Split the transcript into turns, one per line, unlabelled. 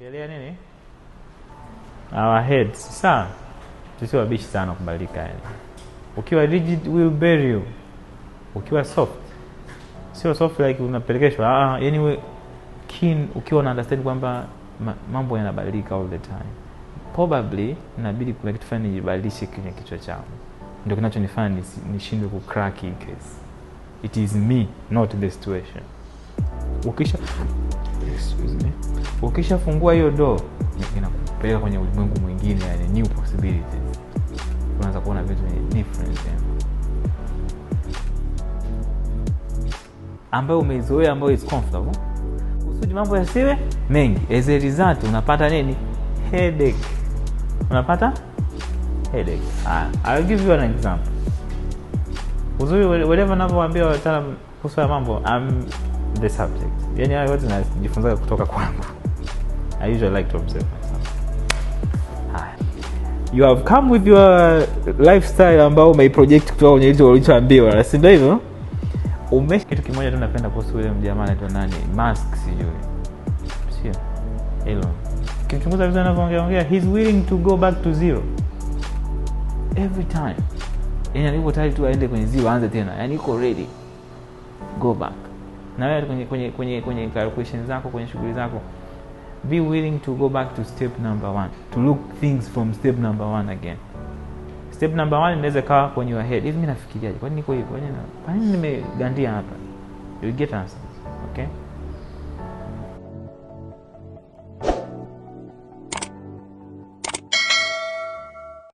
ongelea nini our heads sawa tusiwe wabishi sana kubadilika yani ukiwa rigid will bear you ukiwa soft sio soft like unapelekeshwa ah, ah, yani we keen ukiwa una understand kwamba ma, mambo yanabadilika all the time probably inabidi kuna kitu fani nijibadilishe kwenye kichwa changu ndio kinachonifanya nishindwe ku crack hii case it is me not the situation ukisha ukishafungua hiyo doo inakupeleka kwenye ulimwengu mwingine yani new possibilities kuona vitu vyenye difference yani. ambayo umeizoea ambayo is comfortable kusudi mambo yasiwe mengi as a result unapata nini headache unapata headache I'll give you an example uzuri whatever navyowambia wataalam kuhusu mambo I'm the subject yani hayo yote najifunzaga kutoka kwangu i usually like to observe myself you have come with your lifestyle ambao umeiproject kutoka kwenye hicho ulichoambiwa sindo hivyo ume kitu kimoja tu napenda kuhusu ule mjamaa anaitwa nani mask sijui sio elon kimchunguza vizuri anavyoongeaongea he's willing to go back to zero every time yani alivyo tayari tu aende kwenye zero aanze tena yani iko ready go back na wewe kwenye kwenye kwenye kwenye calculation zako kwenye shughuli zako be willing to go back to step number one to look things from step number one again step number one inaweza kawa kwenye your head hivi mimi nafikiriaje kwani niko hivi kwa nimegandia hapa you get answers okay